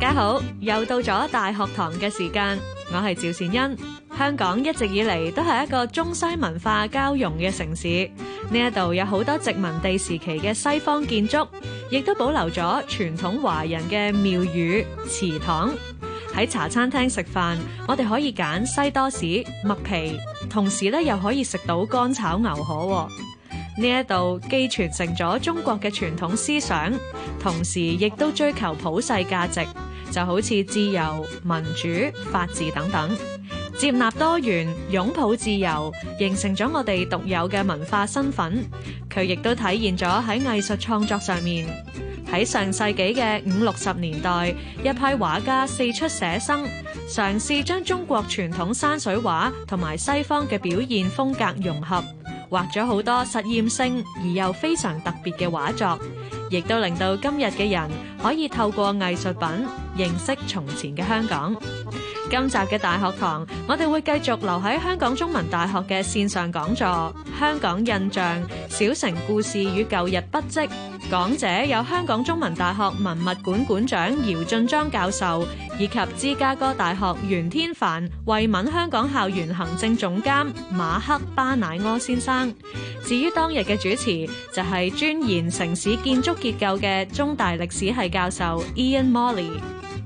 大家好，又到咗大學堂嘅時間，我係趙善恩。香港一直以嚟都係一個中西文化交融嘅城市，呢一度有好多殖民地時期嘅西方建築，亦都保留咗傳統華人嘅廟宇、祠堂。喺茶餐廳食飯，我哋可以揀西多士、麥皮，同時咧又可以食到乾炒牛河。呢一度既傳承咗中國嘅傳統思想，同時亦都追求普世價值。就好似自由、民主、法治等等，接納多元，擁抱自由，形成咗我哋獨有嘅文化身份。佢亦都體現咗喺藝術創作上面。喺上世紀嘅五六十年代，一批畫家四出寫生，嘗試將中國傳統山水畫同埋西方嘅表現風格融合，畫咗好多實驗性而又非常特別嘅畫作，亦都令到今日嘅人可以透過藝術品。認識從前嘅香港。今集嘅大學堂，我哋會繼續留喺香港中文大學嘅線上講座《香港印象：小城故事與舊日筆跡》。講者有香港中文大學文物館館長姚進莊教授，以及芝加哥大學袁天凡、慧敏香港校園行政總監馬克．巴乃軻先生。至於當日嘅主持，就係、是、專研城市建築結構嘅中大歷史系教授 Ian Morley。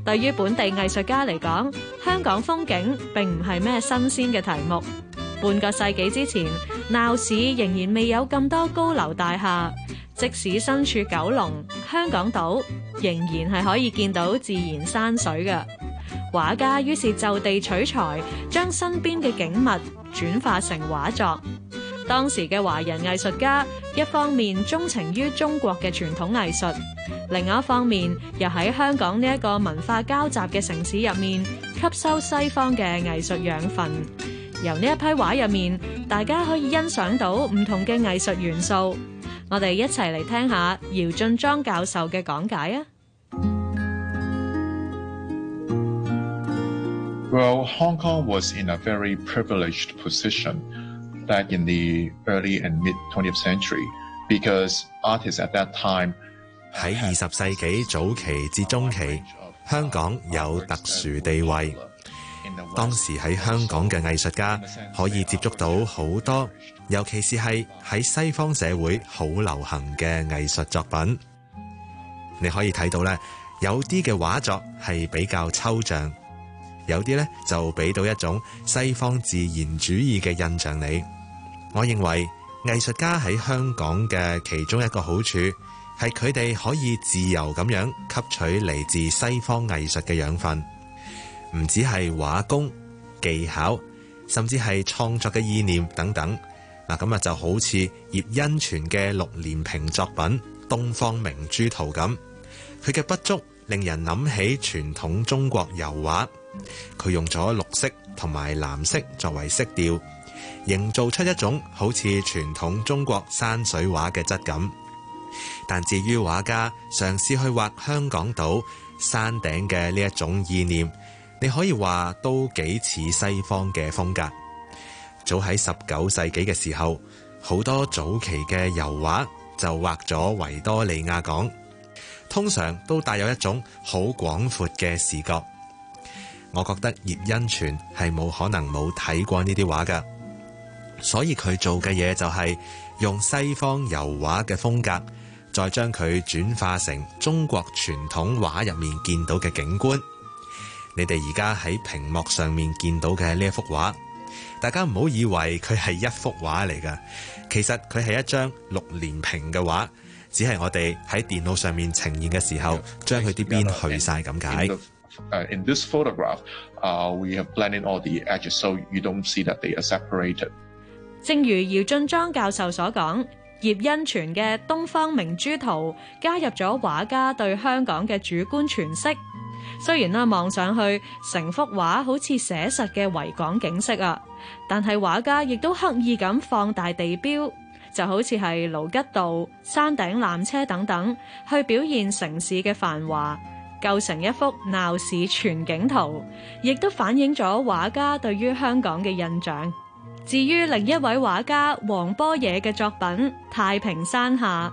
對於本地藝術家嚟講，香港風景並唔係咩新鮮嘅題目。半個世紀之前，鬧市仍然未有咁多高樓大廈，即使身處九龍、香港島，仍然係可以見到自然山水㗎。畫家於是就地取材，將身邊嘅景物轉化成畫作。當時嘅華人藝術家，一方面鍾情於中國嘅傳統藝術，另外一方面又喺香港呢一個文化交集嘅城市入面，吸收西方嘅藝術養分。由呢一批畫入面，大家可以欣賞到唔同嘅藝術元素。我哋一齊嚟聽下姚進莊教授嘅講解啊。Well, Hong Kong was in a very privileged position. 喺二十世紀早期至中期，香港有特殊地位。當時喺香港嘅藝術家可以接觸到好多，尤其是係喺西方社會好流行嘅藝術作品。你可以睇到咧，有啲嘅畫作係比較抽象。有啲咧就俾到一種西方自然主義嘅印象你。我認為藝術家喺香港嘅其中一個好處係佢哋可以自由咁樣吸取嚟自西方藝術嘅養分，唔止係畫工技巧，甚至係創作嘅意念等等。嗱咁啊，就好似葉恩泉嘅六連屏作品《東方明珠圖》咁，佢嘅不足令人諗起傳統中國油畫。佢用咗綠色同埋藍色作為色調，營造出一種好似傳統中國山水畫嘅質感。但至於畫家嘗試去畫香港島山頂嘅呢一種意念，你可以話都幾似西方嘅風格。早喺十九世紀嘅時候，好多早期嘅油畫就畫咗維多利亞港，通常都帶有一種好廣闊嘅視角。我覺得葉因泉係冇可能冇睇過呢啲畫噶，所以佢做嘅嘢就係用西方油畫嘅風格，再將佢轉化成中國傳統畫入面見到嘅景觀。你哋而家喺屏幕上面見到嘅呢一幅畫，大家唔好以為佢係一幅畫嚟噶，其實佢係一張六連屏嘅畫，只係我哋喺電腦上面呈現嘅時候，將佢啲邊去晒咁解。In this photograph, uh, we have blended all the edges, so you don't see that they are separated。正如姚進莊教授所講，葉恩泉嘅《東方明珠圖》加入咗畫家對香港嘅主觀詮釋。雖然啦、啊，望上去成幅畫好似寫實嘅維港景色啊，但係畫家亦都刻意咁放大地標，就好似係盧吉道、山頂纜車等等，去表現城市嘅繁華。構成一幅鬧市全景圖，亦都反映咗畫家對於香港嘅印象。至於另一位畫家黃波野嘅作品《太平山下》，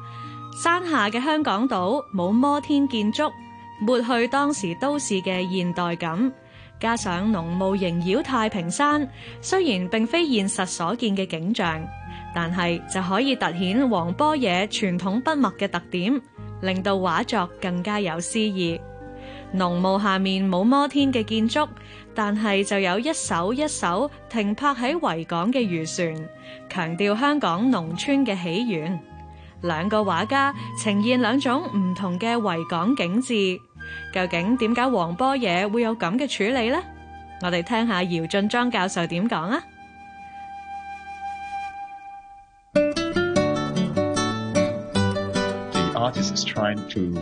山下嘅香港島冇摩天建築，抹去當時都市嘅現代感，加上濃霧縈繞太平山，雖然並非現實所見嘅景象，但係就可以突顯黃波野傳統筆墨嘅特點，令到畫作更加有詩意。濃霧下面冇摩天嘅建築，但係就有一艘一艘停泊喺維港嘅漁船，強調香港農村嘅起源。兩個畫家呈現兩種唔同嘅維港景致，究竟點解黃波野會有咁嘅處理呢？我哋聽下姚進莊教授點講啊！The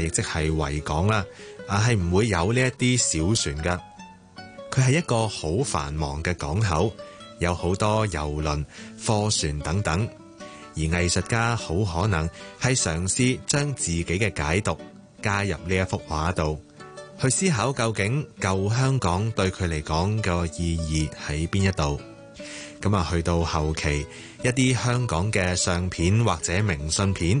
亦即係維港啦，啊，係唔會有呢一啲小船噶。佢係一個好繁忙嘅港口，有好多遊輪、貨船等等。而藝術家好可能係嘗試將自己嘅解讀加入呢一幅畫度，去思考究竟舊香港對佢嚟講嘅意義喺邊一度。咁啊，去到後期，一啲香港嘅相片或者明信片。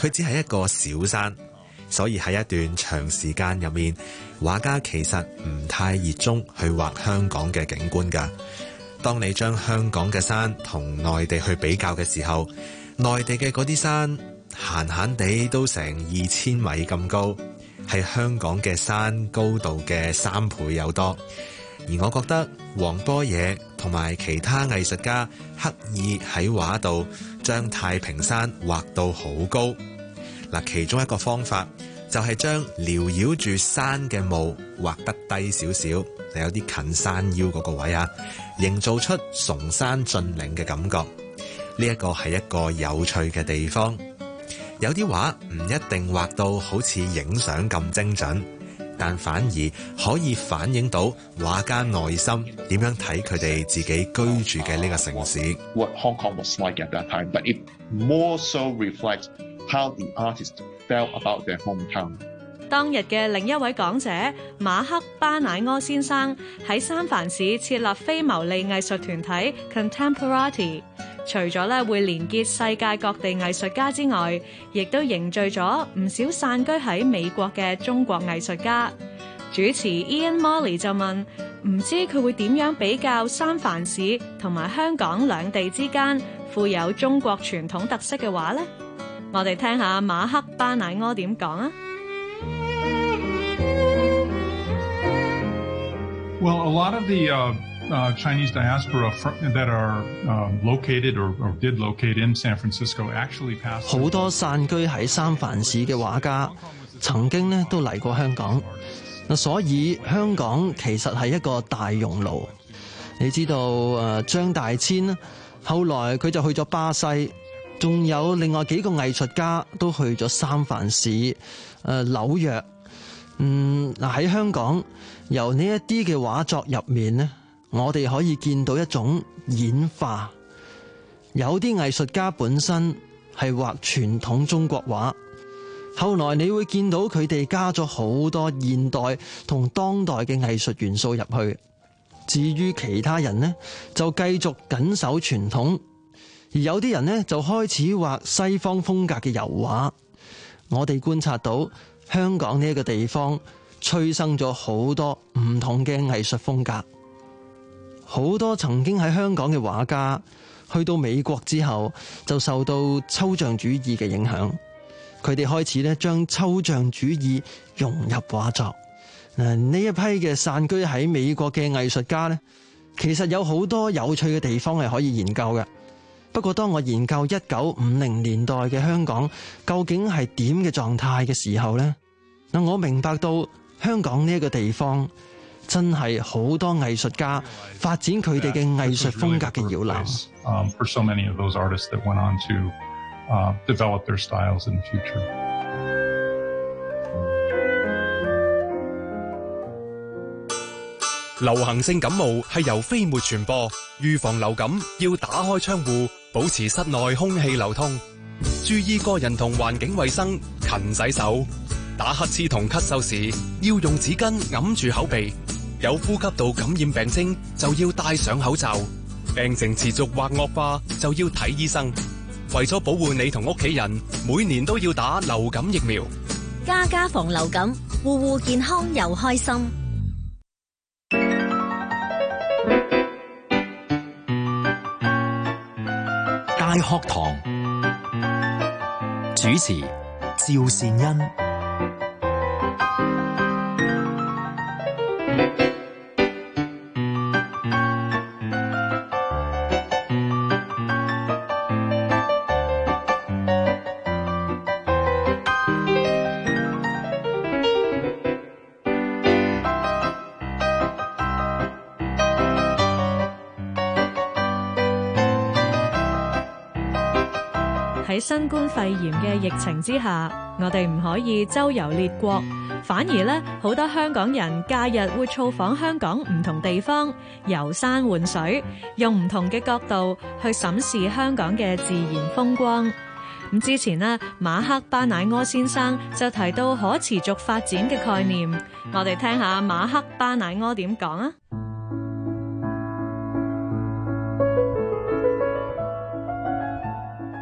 佢只係一個小山，所以喺一段長時間入面，畫家其實唔太熱衷去畫香港嘅景觀噶。當你將香港嘅山同內地去比較嘅時候，內地嘅嗰啲山閒閒地都成二千米咁高，係香港嘅山高度嘅三倍有多。而我覺得黃波野同埋其他藝術家刻意喺畫度將太平山畫到好高。嗱，其中一個方法就係將繚繞住山嘅霧畫得低少少，有啲近山腰嗰個位啊，營造出崇山峻嶺嘅感覺。呢、這、一個係一個有趣嘅地方。有啲畫唔一定畫到好似影相咁精準，但反而可以反映到畫家內心點樣睇佢哋自己居住嘅呢個城市。啊 How the artists about their hometown. 當日嘅另一位講者馬克巴乃軻先生喺三藩市設立非牟利藝術團體 Contemporary，除咗咧會連結世界各地藝術家之外，亦都凝聚咗唔少散居喺美國嘅中國藝術家。主持 Ian Morley 就問：唔知佢會點樣比較三藩市同埋香港兩地之間富有中國傳統特色嘅畫呢？」我哋聽下馬克巴乃軻點講啊？好、well, uh, 多散居喺三藩市嘅畫家，曾經呢都嚟過香港。嗱，所以香港其實係一個大熔爐。你知道誒，張、啊、大千後來佢就去咗巴西。仲有另外幾個藝術家都去咗三藩市、誒紐約。嗯，嗱喺香港，由呢一啲嘅畫作入面呢，我哋可以見到一種演化。有啲藝術家本身係畫傳統中國畫，後來你會見到佢哋加咗好多現代同當代嘅藝術元素入去。至於其他人呢，就繼續緊守傳統。而有啲人呢，就開始畫西方風格嘅油畫。我哋觀察到香港呢一個地方催生咗好多唔同嘅藝術風格。好多曾經喺香港嘅畫家去到美國之後，就受到抽象主義嘅影響。佢哋開始咧將抽象主義融入畫作。呢一批嘅散居喺美國嘅藝術家呢，其實有好多有趣嘅地方係可以研究嘅。不過，當我研究一九五零年代嘅香港，究竟係點嘅狀態嘅時候呢，嗱，我明白到香港呢一個地方真係好多藝術家發展佢哋嘅藝術風格嘅搖籃。流行性感冒係由飛沫傳播，預防流感要打開窗戶。保持室內空氣流通，注意個人同環境衛生，勤洗手。打乞嗤同咳嗽時，要用紙巾掩住口鼻。有呼吸道感染病徵，就要戴上口罩。病情持續或惡化，就要睇醫生。為咗保護你同屋企人，每年都要打流感疫苗。家家防流感，戶戶健康又開心。大學堂主持：趙善恩。喺新冠肺炎嘅疫情之下，我哋唔可以周遊列國，反而咧好多香港人假日會造訪香港唔同地方，遊山玩水，用唔同嘅角度去審視香港嘅自然風光。咁之前咧，馬克巴乃軻先生就提到可持續發展嘅概念，我哋聽下馬克巴乃軻點講啊。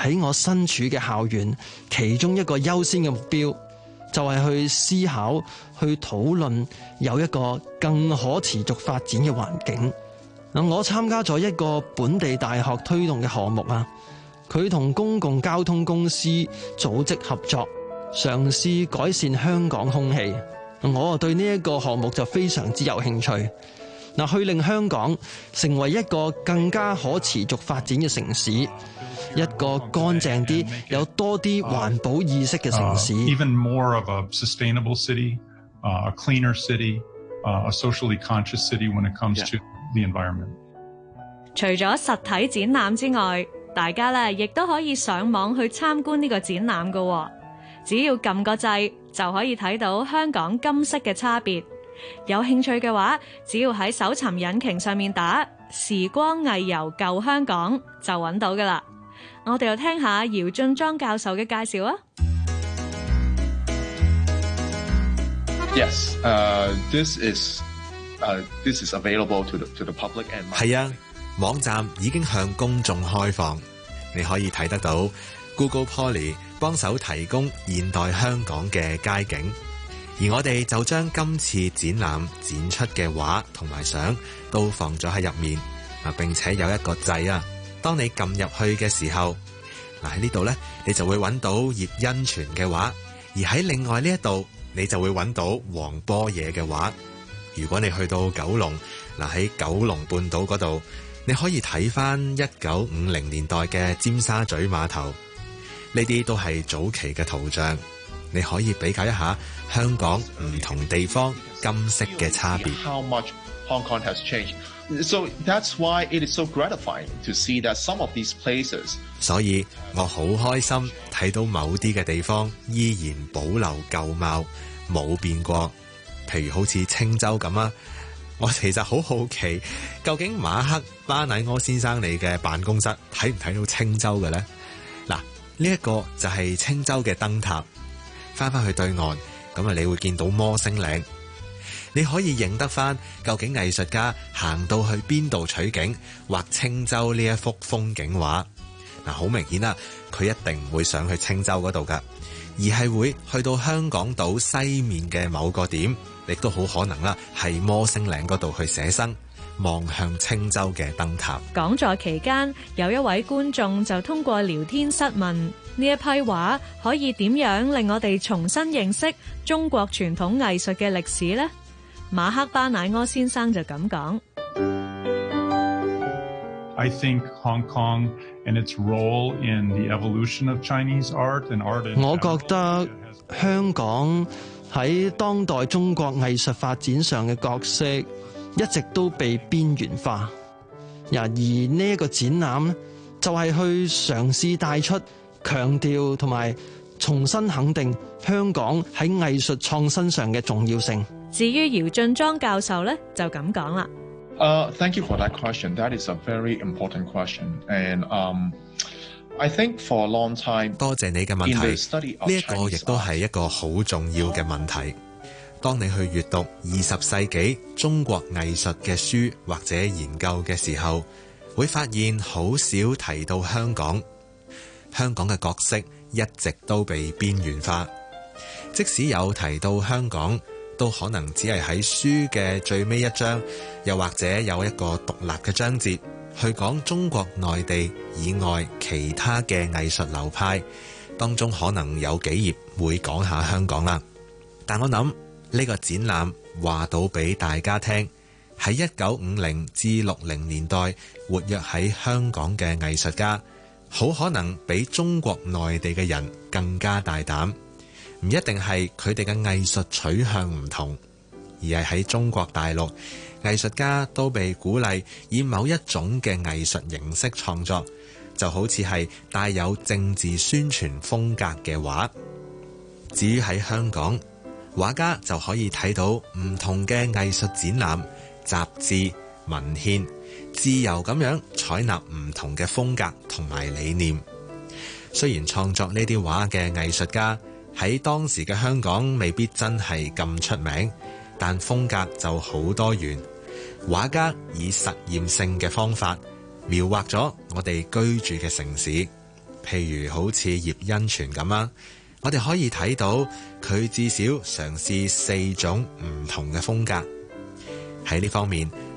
喺我身處嘅校園，其中一個優先嘅目標就係去思考、去討論有一個更可持續發展嘅環境。我參加咗一個本地大學推動嘅項目啊，佢同公共交通公司組織合作，嘗試改善香港空氣。我對呢一個項目就非常之有興趣。嗱，去令香港成為一個更加可持續發展嘅城市。一個乾淨啲，有多啲環保意識嘅城市。City when it comes to the environment. 除咗實體展覽之外，大家咧亦都可以上網去參觀呢個展覽噶，哦。只要撳個掣就可以睇到香港金色嘅差別。有興趣嘅話，只要喺搜尋引擎上面打《時光藝遊舊香港》就找到了，就揾到噶啦。我哋又聽下姚進莊教授嘅介紹啊。Yes, this is, available to to the public and 係啊，網站已經向公眾開放，你可以睇得到。Google Poly 幫手提供現代香港嘅街景，而我哋就將今次展覽展出嘅畫同埋相都放咗喺入面啊，並且有一個掣啊。當你撳入去嘅時候，嗱喺呢度呢，你就會揾到葉因泉嘅畫；而喺另外呢一度，你就會揾到黃般若嘅畫。如果你去到九龍，嗱喺九龍半島嗰度，你可以睇翻一九五零年代嘅尖沙咀碼頭，呢啲都係早期嘅圖像，你可以比較一下香港唔同地方金色嘅差別。 所以，我好開心睇到某啲嘅地方依然保留舊貌，冇變過。譬如好似青州咁啊，我其實好好奇，究竟馬克巴乃軻先生你嘅辦公室睇唔睇到青州嘅呢？嗱，呢一個就係青州嘅燈塔，翻翻去對岸咁啊，你會見到摩星嶺。你可以認得返究竟藝術家行到去邊度取景畫青洲呢一幅風景畫，嗱，好明顯啦，佢一定唔會上去青洲嗰度㗎，而係會去到香港島西面嘅某個點，亦都好可能啦，係摩星嶺嗰度去寫生望向青洲嘅燈塔。講座期間，有一位觀眾就通過聊天室問：呢一批畫可以點樣令我哋重新認識中國傳統藝術嘅歷史呢？」馬克巴乃軻先生就咁講：我覺得香港喺當代中國藝術發展上嘅角色一直都被邊緣化。呀，而呢個展覽就係去嘗試帶出、強調同埋。重新肯定香港喺藝術創新上嘅重要性。至於姚進莊教授咧，就咁講啦。Uh, thank you for that question. That is a very important question, and um, I think for a long time 多謝你嘅問題。呢一個亦都係一個好重要嘅問題。當你去閱讀二十世紀中國藝術嘅書或者研究嘅時候，會發現好少提到香港，香港嘅角色。一直都被邊緣化，即使有提到香港，都可能只係喺書嘅最尾一章，又或者有一個獨立嘅章節去講中國內地以外其他嘅藝術流派，當中可能有幾頁會講下香港啦。但我諗呢個展覽話到俾大家聽，喺一九五零至六零年代活躍喺香港嘅藝術家。好可能比中國內地嘅人更加大膽，唔一定係佢哋嘅藝術取向唔同，而係喺中國大陸，藝術家都被鼓勵以某一種嘅藝術形式創作，就好似係帶有政治宣傳風格嘅畫。至於喺香港，畫家就可以睇到唔同嘅藝術展覽、雜誌、文獻。自由咁樣採納唔同嘅風格同埋理念，雖然創作呢啲畫嘅藝術家喺當時嘅香港未必真係咁出名，但風格就好多元。畫家以實驗性嘅方法描畫咗我哋居住嘅城市，譬如好似葉恩泉咁呀，我哋可以睇到佢至少嘗試四種唔同嘅風格。喺呢方面。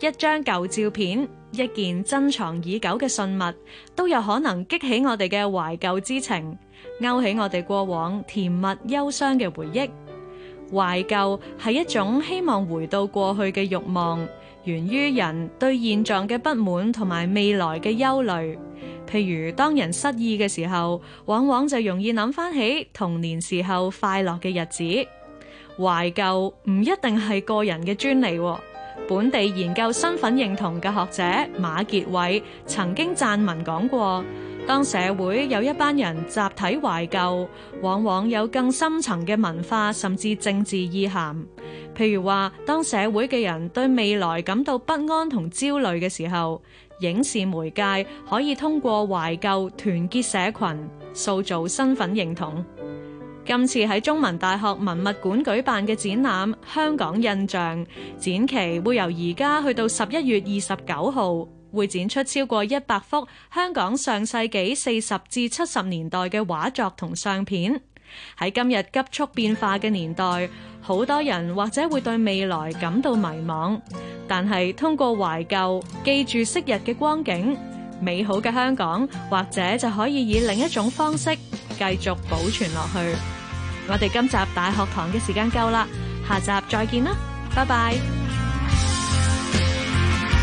一張舊照片，一件珍藏已久嘅信物，都有可能激起我哋嘅懷舊之情，勾起我哋過往甜蜜憂傷嘅回憶懷舊係一種希望回到過去嘅慾望，源於人對現狀嘅不滿同埋未來嘅憂慮。譬如當人失意嘅時候，往往就容易諗翻起童年時候快樂嘅日子。懷舊唔一定係個人嘅專利。本地研究身份認同嘅學者馬傑偉曾經撰文講過，當社會有一班人集體懷舊，往往有更深層嘅文化甚至政治意涵。譬如話，當社會嘅人對未來感到不安同焦慮嘅時候，影視媒介可以通過懷舊團結社群、塑造身份認同。今次喺中文大學文物館舉辦嘅展覽《香港印象》，展期會由而家去到十一月二十九號，會展出超過一百幅香港上世紀四十至七十年代嘅畫作同相片。喺今日急速變化嘅年代，好多人或者會對未來感到迷茫，但係通過懷舊記住昔日嘅光景。美好嘅香港，或者就可以以另一種方式繼續保存落去。我哋今集大學堂嘅時間夠啦，下集再見啦，拜拜。